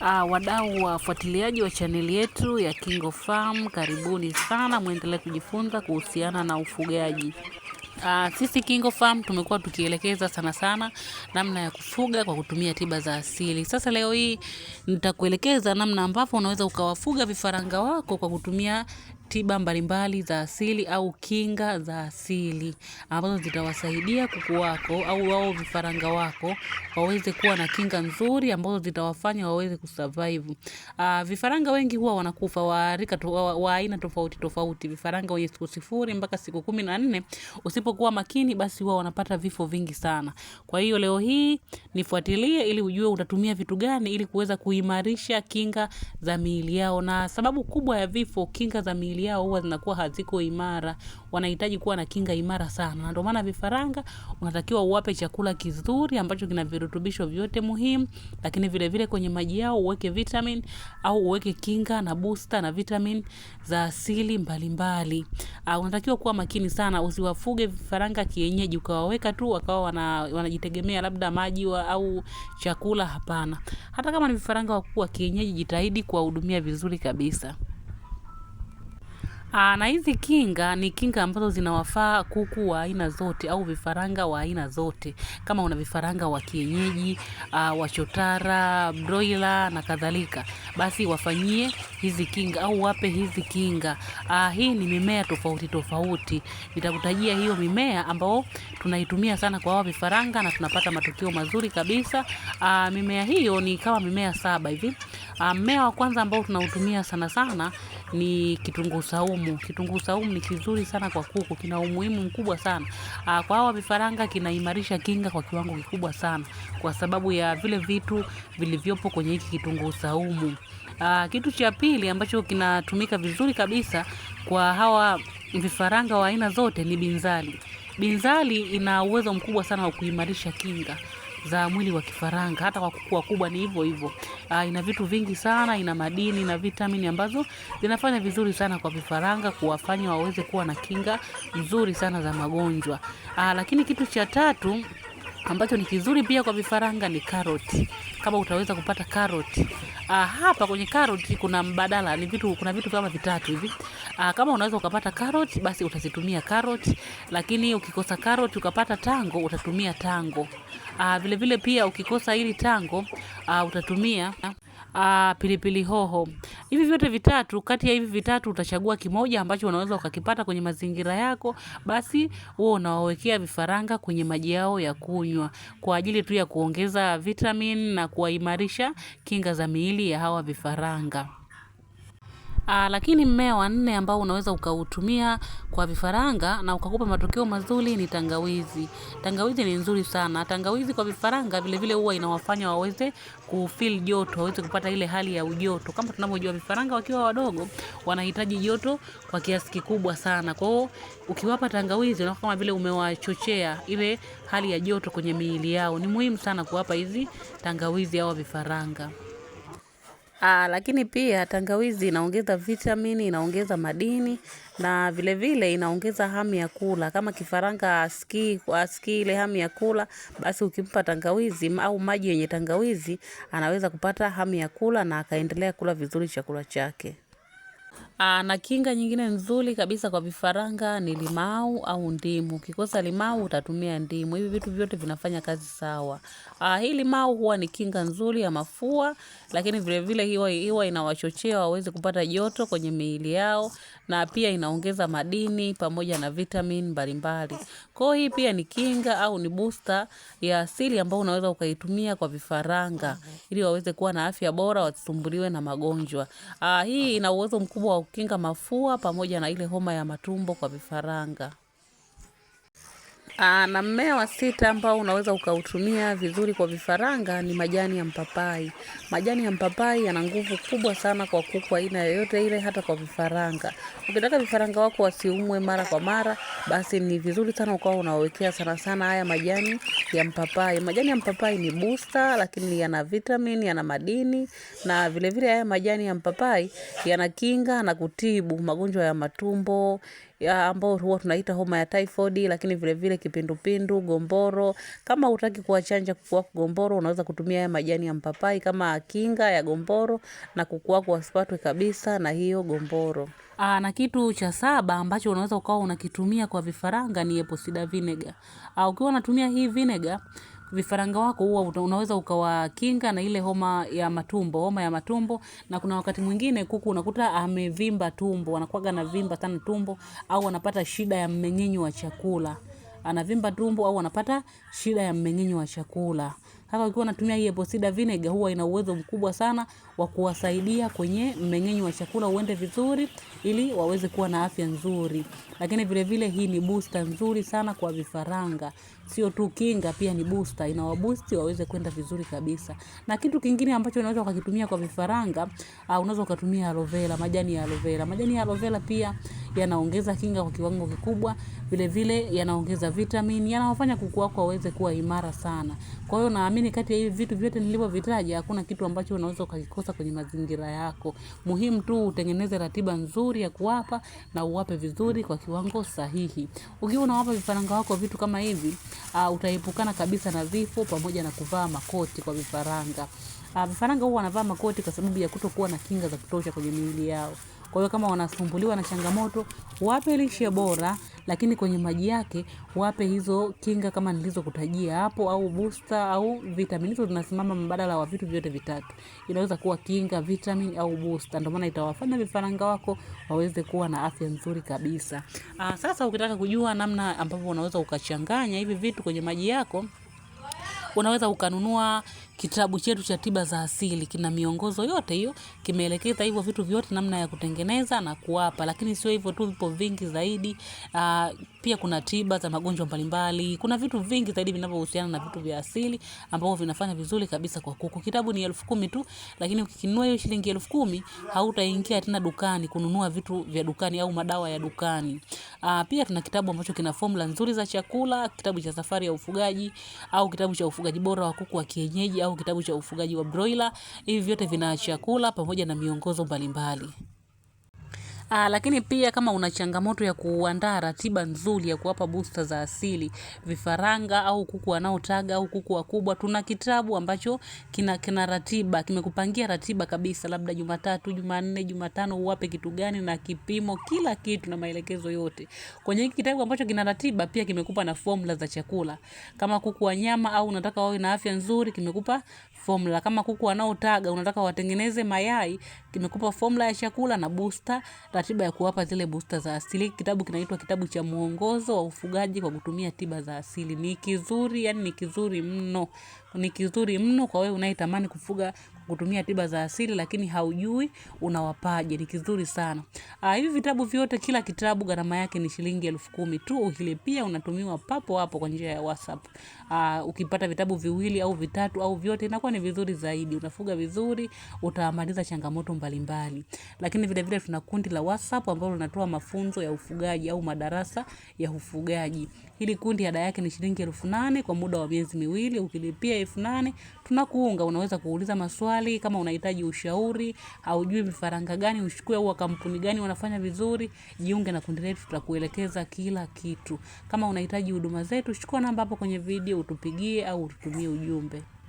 uh, wadau wafuatiliaji wa chaneli yetu ya Kingo Farm, karibuni sana, mwendelee kujifunza kuhusiana na ufugaji. Uh, sisi Kingo Farm tumekuwa tukielekeza sana sana namna ya kufuga kwa kutumia tiba za asili. Sasa leo hii nitakuelekeza namna ambavyo unaweza ukawafuga vifaranga wako kwa kutumia tiba mbalimbali za asili au kinga za asili ambazo zitawasaidia kuku wako au wao vifaranga wako waweze kuwa na kinga nzuri ambazo zitawafanya waweze kusurvive. Uh, vifaranga wengi huwa wanakufa wa rika to, wa aina tofauti tofauti. Vifaranga wenye siku sifuri mpaka siku kumi na nne usipokuwa makini, basi huwa wanapata vifo vingi sana. Kwa hiyo leo hii nifuatilie, ili ujue utatumia vitu gani ili kuweza kuimarisha kinga za miili yao, na sababu kubwa ya vifo kinga za miili miili yao huwa zinakuwa haziko imara, wanahitaji kuwa na kinga imara sana, na ndio maana vifaranga unatakiwa uwape chakula kizuri ambacho kina virutubisho vyote muhimu, lakini vile vile kwenye maji yao uweke vitamin au uweke kinga na booster na vitamin za asili mbalimbali. Uh, unatakiwa kuwa makini sana, usiwafuge vifaranga kienyeji ukawaweka tu wakawa wana, wanajitegemea labda maji wa, au chakula. Hapana, hata kama ni vifaranga wakuu wa kienyeji, jitahidi kuwahudumia vizuri kabisa. Aa, ah, na hizi kinga ni kinga ambazo zinawafaa kuku wa aina zote au vifaranga wa aina zote. Kama una vifaranga wa kienyeji, ah, wa broiler na kadhalika, basi wafanyie hizi kinga au wape hizi kinga. Aa, ah, hii ni mimea tofauti tofauti. Nitakutajia hiyo mimea ambao tunaitumia sana kwa hawa vifaranga na tunapata matokeo mazuri kabisa. Aa, mimea hiyo ni kama mimea saba hivi. Ah, mmea wa kwanza ambao tunautumia sana sana ni kitunguu saumu. Kitunguu saumu ni kizuri sana kwa kuku, kina umuhimu mkubwa sana. Aa, ah, kwa hawa vifaranga kinaimarisha kinga kwa kiwango kikubwa sana kwa sababu ya vile vitu vilivyopo kwenye hiki kitunguu saumu. Aa, ah, kitu cha pili ambacho kinatumika vizuri kabisa kwa hawa vifaranga wa aina zote ni binzali. Binzali ina uwezo mkubwa sana wa kuimarisha kinga za mwili wa kifaranga. Hata kwa kuku wakubwa ni hivyo hivyo. Uh, ina vitu vingi sana, ina madini na vitamini ambazo zinafanya vizuri sana kwa vifaranga kuwafanya waweze kuwa na kinga nzuri sana za magonjwa. Uh, lakini kitu cha tatu ambacho ni kizuri pia kwa vifaranga ni karoti, kama utaweza kupata karoti. Ah, hapa kwenye karoti kuna mbadala, ni vitu, kuna vitu kama vitatu hivi. Ah, kama unaweza ukapata karoti, basi utazitumia karoti, lakini ukikosa karoti ukapata tango, utatumia tango. Ah, vile vile pia ukikosa hili tango, ah, utatumia uh, pilipili hoho. Hivi vyote vitatu, kati ya hivi vitatu utachagua kimoja ambacho unaweza ukakipata kwenye mazingira yako, basi wewe unawawekea vifaranga kwenye maji yao ya kunywa kwa ajili tu ya kuongeza vitamin na kuwaimarisha kinga za miili ya hawa vifaranga. Aa, ah, lakini mmea wa nne ambao unaweza ukautumia kwa vifaranga na ukakupa matokeo mazuri ni tangawizi. Tangawizi ni nzuri sana. Tangawizi kwa vifaranga vile vile huwa inawafanya waweze kufeel joto, waweze kupata ile hali ya ujoto. Kama tunavyojua vifaranga wakiwa wadogo wanahitaji joto kwa kiasi kikubwa sana. Kwa hiyo ukiwapa tangawizi unakuwa kama vile umewachochea ile hali ya joto kwenye miili yao. Ni muhimu sana kuwapa hizi tangawizi au vifaranga. Aa, ah, lakini pia tangawizi inaongeza vitamini, inaongeza madini na vile vile inaongeza hamu ya kula. Kama kifaranga asikii asikii ile hamu ya kula, basi ukimpa tangawizi au maji yenye tangawizi anaweza kupata hamu ya kula na akaendelea kula vizuri chakula chake. Aa, ah, na kinga nyingine nzuri kabisa kwa vifaranga ni limau au ndimu. Ukikosa limau utatumia ndimu. Hivi vitu vyote vinafanya kazi sawa. Aa, ah, hii limau huwa ni kinga nzuri ya mafua, lakini vile vile hiwa, hiwa inawachochea waweze kupata joto kwenye miili yao na pia inaongeza madini pamoja na vitamin mbalimbali. Kwa hiyo hii pia ni kinga au ni booster ya asili ambayo unaweza ukaitumia kwa vifaranga ili waweze kuwa na afya bora wasisumbuliwe na magonjwa. Aa, ah, hii ina uwezo mkubwa wa kukinga mafua pamoja na ile homa ya matumbo kwa vifaranga. Aa, ah, na mmea wa sita ambao unaweza ukautumia vizuri kwa vifaranga ni majani ya mpapai. Majani ya mpapai yana nguvu kubwa sana kwa kuku aina yoyote ile, hata kwa vifaranga. Ukitaka vifaranga wako wasiumwe mara kwa mara, basi ni vizuri sana ukawa unawekea sana sana haya majani ya mpapai. Majani ya mpapai ni booster, lakini yana vitamini, yana madini na vilevile haya majani ya mpapai yanakinga na kutibu magonjwa ya matumbo ambao huwa tunaita homa ya typhoid, lakini vile vile kipindupindu, gomboro. Kama hutaki kuwachanja kuku wako gomboro, unaweza kutumia haya majani ya mpapai kama kinga ya gomboro na kuku wako wasipatwe kabisa na hiyo gomboro. Aa, na kitu cha saba ambacho unaweza ukawa unakitumia kwa vifaranga ni eposida vinega. Ukiwa unatumia hii vinega vifaranga wako huwa unaweza ukawakinga na ile homa ya matumbo, homa ya matumbo. Na kuna wakati mwingine kuku unakuta amevimba tumbo, anakuwaga na vimba sana tumbo, au anapata shida ya mmeng'enyo wa chakula, anavimba tumbo au anapata shida ya mmeng'enyo wa chakula. Hapa ukiwa unatumia hii Apple vinegar huwa ina uwezo mkubwa sana wa kuwasaidia kwenye mmeng'enyo wa chakula uende vizuri ili waweze kuwa na afya nzuri. Lakini vile vile hii ni booster nzuri sana kwa vifaranga sio tu kinga, pia ni booster, inawa boost waweze kwenda vizuri kabisa. Na kitu kingine ambacho unaweza ukakitumia kwa vifaranga, uh, unaweza ukatumia aloe vera, majani ya aloe vera. Majani ya aloe vera pia yanaongeza kinga kwa kiwango kikubwa, vile vile yanaongeza vitamini, yanawafanya kuku wako waweze kuwa imara sana. Kwa hiyo naamini kati ya hivi vitu vyote nilivyovitaja, hakuna kitu ambacho unaweza ukakikosa kwenye mazingira yako. Muhimu tu utengeneze ratiba nzuri ya kuwapa na uwape vizuri kwa kiwango sahihi. Ukiwa unawapa vifaranga wako vitu kama hivi uh, utaepukana kabisa na vifo pamoja na kuvaa makoti kwa vifaranga. Uh, vifaranga huwa wanavaa makoti kwa sababu ya kutokuwa na kinga za kutosha kwenye miili yao. Kwa hiyo kama wanasumbuliwa na changamoto, wape lishe bora, lakini kwenye maji yake wape hizo kinga kama nilizokutajia hapo, au booster au vitamini. Hizo zinasimama mbadala wa vitu vyote vitatu, inaweza kuwa kinga, vitamin au booster. Ndio maana itawafanya vifaranga wako waweze kuwa na afya nzuri kabisa. Aa, ah, sasa ukitaka kujua namna ambavyo unaweza ukachanganya hivi vitu kwenye maji yako Unaweza ukanunua kitabu chetu cha tiba za asili, kina miongozo yote hiyo, kimeelekeza hivyo vitu vyote, namna ya kutengeneza na kuwapa. Lakini sio hivyo tu, vipo vingi zaidi. Aa, ah, pia kuna tiba za magonjwa mbalimbali, kuna vitu vingi zaidi vinavyohusiana na vitu vya asili ambavyo vinafanya vizuri kabisa kwa kuku. Kitabu ni elfu kumi tu, lakini ukikinunua hiyo shilingi elfu kumi hautaingia tena dukani kununua vitu vya dukani au madawa ya dukani. Aa, ah, pia tuna kitabu ambacho kina fomula nzuri za chakula, kitabu cha safari ya ufugaji au kitabu cha ufugaji ufugaji bora wa kuku wa kienyeji au kitabu cha ufugaji wa broiler. Hivi vyote vina chakula pamoja na miongozo mbalimbali. Aa, ah, Lakini pia kama una changamoto ya kuandaa ratiba nzuri ya kuwapa booster za asili, vifaranga au kuku wanaotaga au kuku wakubwa, tuna kitabu ambacho kina kina ratiba, kimekupangia ratiba kabisa labda Jumatatu, Jumanne, Jumatano uwape kitu gani na kipimo kila kitu na maelekezo yote. Kwenye hiki kitabu ambacho kina ratiba pia kimekupa na formula za chakula. Kama kuku wa nyama au unataka wawe na afya nzuri kimekupa formula. Kama kuku wanaotaga unataka watengeneze mayai kimekupa formula ya chakula na booster ratiba ya kuwapa zile busta za asili. kitabu kinaitwa kitabu cha mwongozo wa ufugaji kwa kutumia tiba za asili. Ni kizuri, yani ni kizuri mno ni kizuri mno kwa wewe unayetamani kufuga kutumia tiba za asili, lakini haujui unawapaje. Ni kizuri sana. Ah, hivi vitabu vyote, kila kitabu gharama yake ni shilingi elfu kumi tu. Ukilipia unatumiwa papo hapo kwa njia ya WhatsApp. Ah, ukipata vitabu viwili au vitatu au vyote inakuwa ni vizuri zaidi. Unafuga vizuri, utamaliza changamoto mbalimbali. Lakini vile vile tuna kundi la WhatsApp ambalo linatoa mafunzo ya ufugaji au madarasa ya ufugaji. Hili kundi ada yake ni shilingi elfu nane kwa muda wa miezi miwili ukilipia elfu nane tunakuunga. Unaweza kuuliza maswali kama unahitaji ushauri, haujui vifaranga gani ushukue au kampuni gani wanafanya vizuri, jiunge na kundi letu, tutakuelekeza kila kitu. Kama unahitaji huduma zetu, chukua namba hapo kwenye video, utupigie au ututumie ujumbe.